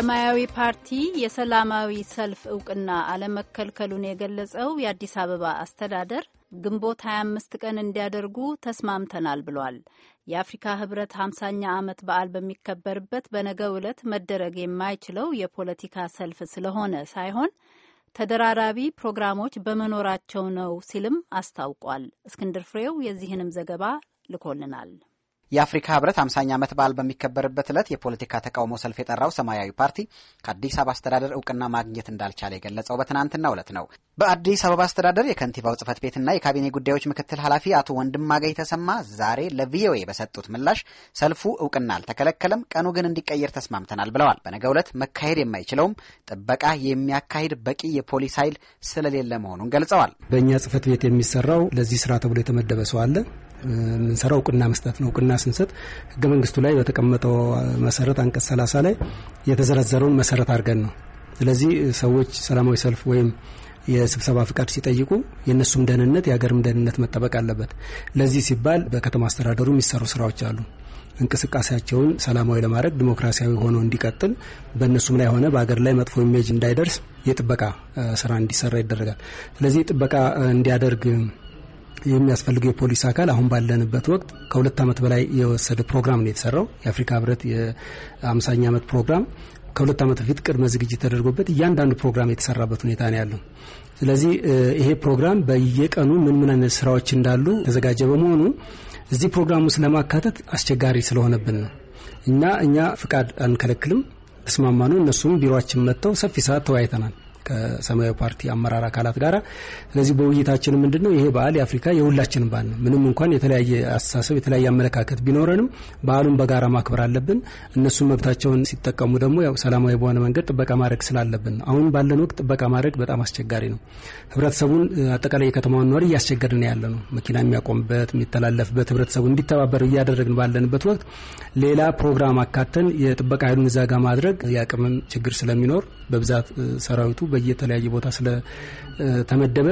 ሰማያዊ ፓርቲ የሰላማዊ ሰልፍ እውቅና አለመከልከሉን የገለጸው የአዲስ አበባ አስተዳደር ግንቦት 25 ቀን እንዲያደርጉ ተስማምተናል ብሏል። የአፍሪካ ህብረት 50ኛ ዓመት በዓል በሚከበርበት በነገው ዕለት መደረግ የማይችለው የፖለቲካ ሰልፍ ስለሆነ ሳይሆን ተደራራቢ ፕሮግራሞች በመኖራቸው ነው ሲልም አስታውቋል። እስክንድር ፍሬው የዚህንም ዘገባ ልኮልናል። የአፍሪካ ህብረት አምሳኛ ዓመት በዓል በሚከበርበት ዕለት የፖለቲካ ተቃውሞ ሰልፍ የጠራው ሰማያዊ ፓርቲ ከአዲስ አበባ አስተዳደር እውቅና ማግኘት እንዳልቻለ የገለጸው በትናንትናው ዕለት ነው። በአዲስ አበባ አስተዳደር የከንቲባው ጽህፈት ቤትና የካቢኔ ጉዳዮች ምክትል ኃላፊ አቶ ወንድማገኝ ተሰማ ዛሬ ለቪኦኤ በሰጡት ምላሽ ሰልፉ እውቅና አልተከለከለም፣ ቀኑ ግን እንዲቀየር ተስማምተናል ብለዋል። በነገው ዕለት መካሄድ የማይችለውም ጥበቃ የሚያካሂድ በቂ የፖሊስ ኃይል ስለሌለ መሆኑን ገልጸዋል። በእኛ ጽህፈት ቤት የሚሰራው ለዚህ ስራ ተብሎ የተመደበ ሰው አለ የምንሰራው እውቅና መስጠት ነው። እውቅና ስንሰጥ ህገ መንግስቱ ላይ በተቀመጠው መሰረት አንቀጽ ሰላሳ ላይ የተዘረዘረውን መሰረት አድርገን ነው። ስለዚህ ሰዎች ሰላማዊ ሰልፍ ወይም የስብሰባ ፍቃድ ሲጠይቁ የእነሱም ደህንነት የሀገርም ደህንነት መጠበቅ አለበት። ለዚህ ሲባል በከተማ አስተዳደሩ የሚሰሩ ስራዎች አሉ። እንቅስቃሴያቸውን ሰላማዊ ለማድረግ ዲሞክራሲያዊ ሆኖ እንዲቀጥል በእነሱም ላይ ሆነ በሀገር ላይ መጥፎ ኢሜጅ እንዳይደርስ የጥበቃ ስራ እንዲሰራ ይደረጋል። ስለዚህ ጥበቃ እንዲያደርግ የሚያስፈልገው የፖሊስ አካል አሁን ባለንበት ወቅት ከሁለት ዓመት በላይ የወሰደ ፕሮግራም ነው የተሰራው። የአፍሪካ ህብረት የአምሳኛ ዓመት ፕሮግራም ከሁለት ዓመት በፊት ቅድመ ዝግጅት ተደርጎበት እያንዳንዱ ፕሮግራም የተሰራበት ሁኔታ ነው ያለው። ስለዚህ ይሄ ፕሮግራም በየቀኑ ምን ምን አይነት ስራዎች እንዳሉ ተዘጋጀ በመሆኑ እዚህ ፕሮግራም ውስጥ ለማካተት አስቸጋሪ ስለሆነብን ነው እና እኛ ፍቃድ አንከለክልም፣ ተስማማ ነው። እነሱም ቢሮችን መጥተው ሰፊ ሰዓት ተወያይተናል። ከሰማያዊ ፓርቲ አመራር አካላት ጋራ። ስለዚህ በውይይታችን ምንድን ነው ይሄ በዓል የአፍሪካ የሁላችንም በዓል ነው። ምንም እንኳን የተለያየ አስተሳሰብ የተለያየ አመለካከት ቢኖረንም በዓሉን በጋራ ማክበር አለብን። እነሱን መብታቸውን ሲጠቀሙ ደግሞ ያው ሰላማዊ በሆነ መንገድ ጥበቃ ማድረግ ስላለብን አሁን ባለን ወቅት ጥበቃ ማድረግ በጣም አስቸጋሪ ነው። ህብረተሰቡን አጠቃላይ የከተማውን ነዋሪ እያስቸገርን ያለ ነው። መኪና የሚያቆምበት የሚተላለፍበት፣ ህብረተሰቡ እንዲተባበር እያደረግን ባለንበት ወቅት ሌላ ፕሮግራም አካተን የጥበቃ ኃይሉን እዛ ማድረግ የአቅምን ችግር ስለሚኖር በብዛት ሰራዊቱ በየተለያየ ቦታ ስለተመደበ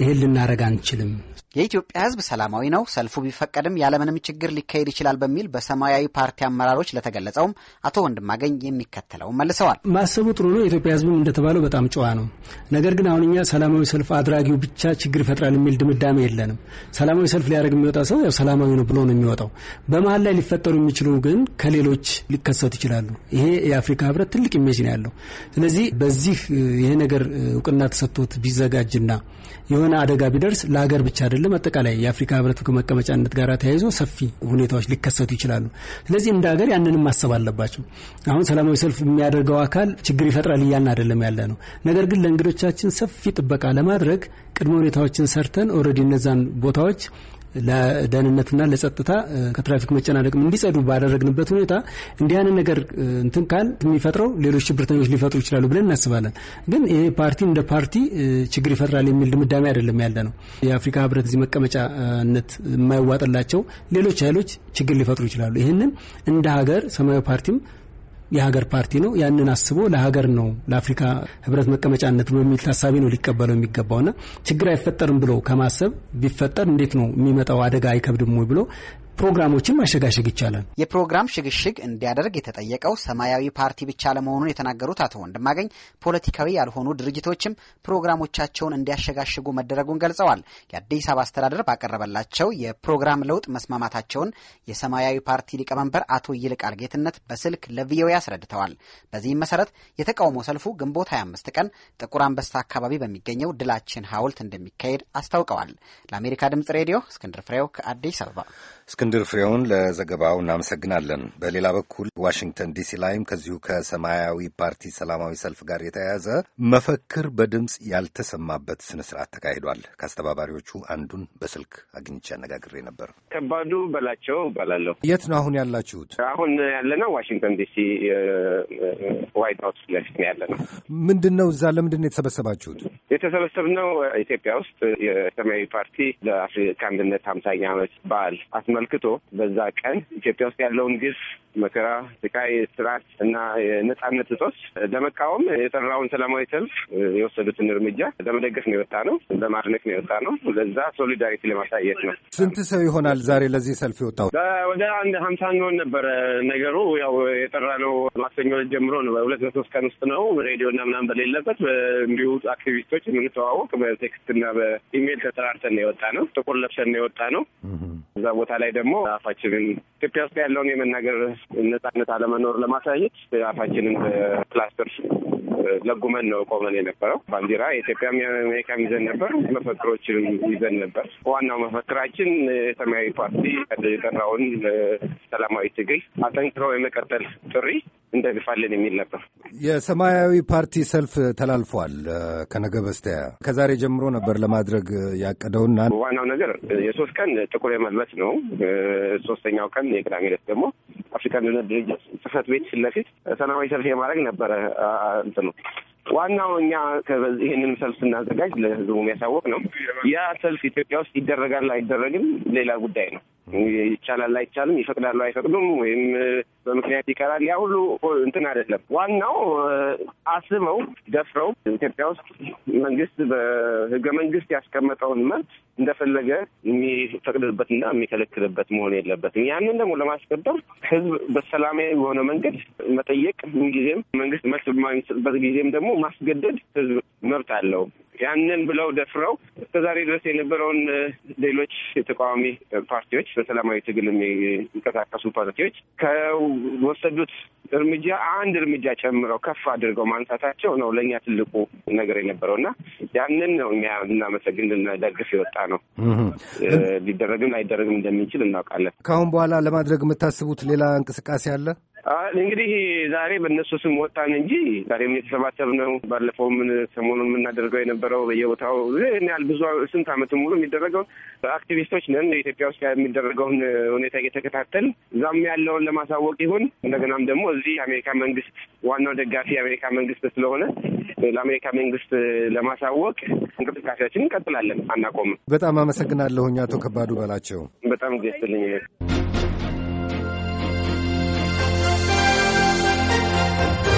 ይሄን ልናደረግ አንችልም። የኢትዮጵያ ህዝብ ሰላማዊ ነው፣ ሰልፉ ቢፈቀድም ያለምንም ችግር ሊካሄድ ይችላል በሚል በሰማያዊ ፓርቲ አመራሮች ለተገለጸውም አቶ ወንድማገኝ የሚከተለውን መልሰዋል። ማሰቡ ጥሩ ነው። የኢትዮጵያ ህዝብም እንደተባለው በጣም ጨዋ ነው። ነገር ግን አሁን እኛ ሰላማዊ ሰልፍ አድራጊው ብቻ ችግር ይፈጥራል የሚል ድምዳሜ የለንም። ሰላማዊ ሰልፍ ሊያደርግ የሚወጣ ሰው ያው ሰላማዊ ነው ብሎ ነው የሚወጣው። በመሀል ላይ ሊፈጠሩ የሚችሉ ግን ከሌሎች ሊከሰቱ ይችላሉ። ይሄ የአፍሪካ ህብረት ትልቅ ኢሜጅ ነው ያለው። ስለዚህ በዚህ ይሄ ነገር እውቅና ተሰጥቶት ቢዘጋጅና የሆነ አደጋ ቢደርስ ለሀገር ብቻ አይደለም አይደለም አጠቃላይ የአፍሪካ ህብረት መቀመጫነት ጋር ተያይዞ ሰፊ ሁኔታዎች ሊከሰቱ ይችላሉ። ስለዚህ እንደ ሀገር ያንንም ማሰብ አለባቸው። አሁን ሰላማዊ ሰልፍ የሚያደርገው አካል ችግር ይፈጥራል እያልን አይደለም ያለ ነው። ነገር ግን ለእንግዶቻችን ሰፊ ጥበቃ ለማድረግ ቅድመ ሁኔታዎችን ሰርተን ኦልሬዲ እነዛን ቦታዎች ለደህንነትና ለጸጥታ ከትራፊክ መጨናነቅም እንዲጸዱ ባደረግንበት ሁኔታ እንዲህ አይነት ነገር እንትን ካል የሚፈጥረው ሌሎች ሽብርተኞች ሊፈጥሩ ይችላሉ ብለን እናስባለን። ግን ይሄ ፓርቲ እንደ ፓርቲ ችግር ይፈጥራል የሚል ድምዳሜ አይደለም ያለ ነው። የአፍሪካ ህብረት እዚህ መቀመጫነት የማይዋጥላቸው ሌሎች ኃይሎች ችግር ሊፈጥሩ ይችላሉ። ይህንን እንደ ሀገር ሰማያዊ ፓርቲም የሀገር ፓርቲ ነው። ያንን አስቦ ለሀገር ነው ለአፍሪካ ህብረት መቀመጫነት ነው የሚል ታሳቢ ነው ሊቀበለው የሚገባውና ችግር አይፈጠርም ብሎ ከማሰብ ቢፈጠር እንዴት ነው የሚመጣው አደጋ አይከብድም ወይ ብሎ ፕሮግራሞችን ማሸጋሸግ ይቻላል። የፕሮግራም ሽግሽግ እንዲያደርግ የተጠየቀው ሰማያዊ ፓርቲ ብቻ ለመሆኑን የተናገሩት አቶ ወንድማገኝ ፖለቲካዊ ያልሆኑ ድርጅቶችም ፕሮግራሞቻቸውን እንዲያሸጋሽጉ መደረጉን ገልጸዋል። የአዲስ አበባ አስተዳደር ባቀረበላቸው የፕሮግራም ለውጥ መስማማታቸውን የሰማያዊ ፓርቲ ሊቀመንበር አቶ ይልቃል ጌትነት በስልክ ለቪኦኤ አስረድተዋል። በዚህም መሰረት የተቃውሞ ሰልፉ ግንቦት 25 ቀን ጥቁር አንበሳ አካባቢ በሚገኘው ድላችን ሐውልት እንደሚካሄድ አስታውቀዋል። ለአሜሪካ ድምጽ ሬዲዮ እስክንድር ፍሬው ከአዲስ አበባ እስክንድር ፍሬውን ለዘገባው እናመሰግናለን። በሌላ በኩል ዋሽንግተን ዲሲ ላይም ከዚሁ ከሰማያዊ ፓርቲ ሰላማዊ ሰልፍ ጋር የተያያዘ መፈክር በድምፅ ያልተሰማበት ስነ ስርዓት ተካሂዷል። ከአስተባባሪዎቹ አንዱን በስልክ አግኝቼ አነጋግሬ ነበር። ከባዱ በላቸው እባላለሁ። የት ነው አሁን ያላችሁት? አሁን ያለነው ዋሽንግተን ዲሲ ዋይት ሀውስ ለፊት ነው ያለነው። ምንድን ነው እዛ ለምንድን ነው የተሰበሰባችሁት? የተሰበሰብነው ኢትዮጵያ ውስጥ የሰማያዊ ፓርቲ ለአፍሪካ አንድነት ሀምሳኛ ዓመት በዓል አስመልክ አመልክቶ በዛ ቀን ኢትዮጵያ ውስጥ ያለውን ግፍ፣ መከራ፣ ስቃይ፣ ስርዓት እና የነጻነት እጦት ለመቃወም የጠራውን ሰላማዊ ሰልፍ የወሰዱትን እርምጃ ለመደገፍ ነው የወጣ ነው። ለማድነቅ ነው የወጣ ነው። ለዛ ሶሊዳሪቲ ለማሳየት ነው። ስንት ሰው ይሆናል ዛሬ ለዚህ ሰልፍ የወጣው? ወደ አንድ ሀምሳ እንሆን ነበረ። ነገሩ ያው የጠራ ነው ማክሰኞ ጀምሮ ነው። በሁለት በሶስት ቀን ውስጥ ነው ሬዲዮ እና ምናምን በሌለበት እንዲሁ አክቲቪስቶች የምንተዋወቅ በቴክስት እና በኢሜይል ተጠራርተን ነው የወጣ ነው። ጥቁር ለብሰን ነው የወጣ ነው። እዛ ቦታ ላይ ደግሞ ደግሞ አፋችንን ኢትዮጵያ ውስጥ ያለውን የመናገር ነጻነት አለመኖር ለማሳየት አፋችንን በፕላስተር ለጉመን ነው ቆመን የነበረው። ባንዲራ የኢትዮጵያ አሜሪካም ይዘን ነበር፣ መፈክሮችን ይዘን ነበር። ዋናው መፈክራችን የሰማያዊ ፓርቲ የጠራውን ሰላማዊ ትግል አጠንክረው የመቀጠል ጥሪ እንደግፋለን የሚል ነበር። የሰማያዊ ፓርቲ ሰልፍ ተላልፏል። ከነገ በስቲያ ከዛሬ ጀምሮ ነበር ለማድረግ ያቀደውና ዋናው ነገር የሶስት ቀን ጥቁር የመልበስ ነው። ሶስተኛው ቀን የቅዳሜ ዕለት ደግሞ አፍሪካ አንድነት ድርጅት ጽህፈት ቤት ፊት ለፊት ሰላማዊ ሰልፍ የማድረግ ነበረ እንትኑ ዋናው እኛ ይህንን ሰልፍ ስናዘጋጅ ለህዝቡ የሚያሳወቅ ነው። ያ ሰልፍ ኢትዮጵያ ውስጥ ይደረጋል አይደረግም ሌላ ጉዳይ ነው። ይቻላል አይቻልም፣ ይፈቅዳሉ አይፈቅዱም፣ ወይም በምክንያት ይቀራል። ያ ሁሉ እንትን አይደለም። ዋናው አስበው ደፍረው ኢትዮጵያ ውስጥ መንግስት በህገ መንግስት ያስቀመጠውን መብት እንደፈለገ የሚፈቅድበትና የሚከለክልበት መሆን የለበትም። ያንን ደግሞ ለማስቀደም ህዝብ በሰላማዊ በሆነ መንገድ መጠየቅ ጊዜም መንግስት መልስ በማይሰጥበት ጊዜም ደግሞ ማስገደድ ህዝብ መብት አለው። ያንን ብለው ደፍረው እስከዛሬ ድረስ የነበረውን ሌሎች የተቃዋሚ ፓርቲዎች በሰላማዊ ትግል የሚንቀሳቀሱ ፓርቲዎች ከወሰዱት እርምጃ አንድ እርምጃ ጨምረው ከፍ አድርገው ማንሳታቸው ነው ለእኛ ትልቁ ነገር የነበረው እና ያንን ነው እኛ እናመሰግን ልናደግፍ የወጣ ነው። ሊደረግም ላይደረግም እንደሚችል እናውቃለን። ከአሁን በኋላ ለማድረግ የምታስቡት ሌላ እንቅስቃሴ አለ? እንግዲህ ዛሬ በእነሱ ስም ወጣን እንጂ ዛሬም የተሰባሰብ ነው። ባለፈውም ሰሞኑን የምናደርገው የነበረው በየቦታው ያል ብዙ ስንት ዓመት ሙሉ የሚደረገውን አክቲቪስቶች ነን። ኢትዮጵያ ውስጥ የሚደረገውን ሁኔታ እየተከታተል እዛም ያለውን ለማሳወቅ ይሁን እንደገናም ደግሞ እዚህ የአሜሪካ መንግስት ዋናው ደጋፊ የአሜሪካ መንግስት ስለሆነ ለአሜሪካ መንግስት ለማሳወቅ እንቅስቃሴያችን እንቀጥላለን፣ አናቆምም። በጣም አመሰግናለሁኝ አቶ ከባዱ በላቸው። በጣም ጊዜ Thank you.